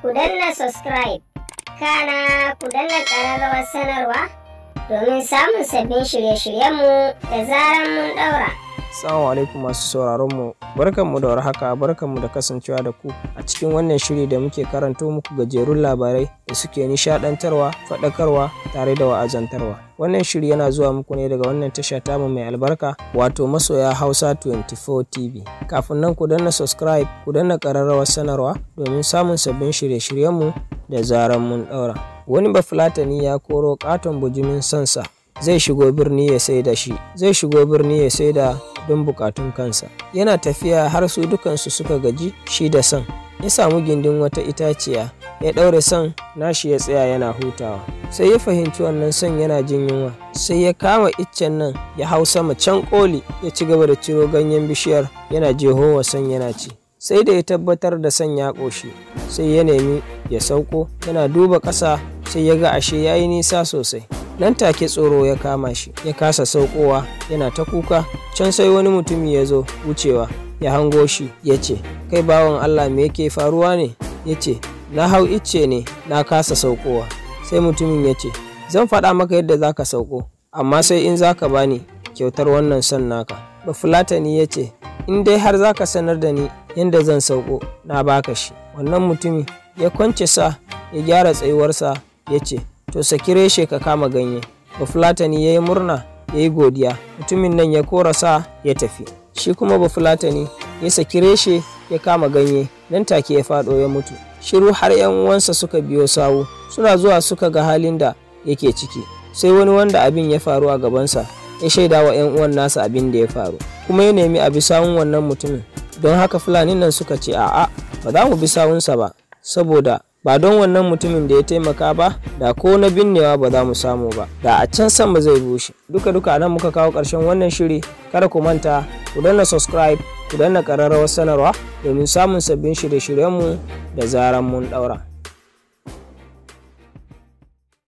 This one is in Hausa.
ku danna subscribe kana ku danna ƙararrawar sanarwa domin samun sabbin shirye-shiryenmu da zaran mun ɗaura. Assalamu alaikum masu sauraron mu. Barkanmu da warhaka, mu da kasancewa da ku a cikin wannan shiri da muke karanto muku gajerun labarai da suke nishadantarwa, faɗakarwa tare da wa'azantarwa. Wannan shiri yana zuwa muku ne daga wannan tasha tamu mai albarka wato masoya Hausa 24 TV. Kafin nan ku danna subscribe, ku danna ƙararrawar sanarwa domin samun sabbin shirye-shiryenmu da zaran mun ɗaura. Wani bafulatani ya koro ƙaton bujimin sansa zai shigo birni ya sai da shi zai shigo birni ya sai don bukatun kansa yana tafiya har su dukansu suka gaji shi da san ya samu gindin wata itaciya ya ɗaure san nashi ya tsaya yana hutawa sai ya fahimci wannan san yana jin yunwa sai ya kama iccen nan ya hau sama can koli ya ci gaba da ciro ganyen bishiyar yana jehowa san yana ci sai da ya tabbatar da san ya ƙoshi sai ya nemi ya sauko yana duba ƙasa sai ya ga ashe ya yi nisa sosai nan take tsoro ya kama shi ya kasa saukowa yana ta kuka can sai wani mutumi ya zo wucewa ya hango shi ya ce kai bawan allah me yake faruwa ne ya ce na hau icce ne na kasa saukowa sai mutumin ya ce zan faɗa maka yadda za ka sauko amma sai in za ka bani kyautar wannan son naka bafulatani ya ce in dai har za ka sanar da ni yadda zan sauko na baka shi wannan mutumi ya kwance sa ya gyara tsayuwarsa ya ce to saki reshe ka kama ganye bafulatani ya yi murna ya yi godiya mutumin nan ya korasa ya tafi shi kuma bafulatani ya saki reshe ya kama ganye nan take ya faɗo ya mutu shiru har yan uwansa suka biyo sawu suna zuwa suka ga halin da yake ciki sai wani wanda abin ya faru a gabansa ya shaida wa yan uwan nasa abin da ya faru kuma ya nemi a bi sawun wannan mutumin don haka fulani nan suka ce a'a ba za mu bi sawunsa ba saboda ba don wannan mutumin da ya taimaka ba da ko na binnewa ba za mu samu ba da a can sama zai bushe duka duka nan muka kawo ƙarshen wannan shiri kada ku manta ku danna subscribe ku danna ƙararrawar sanarwa domin samun sabbin shirye-shiryenmu da zaran mun ɗaura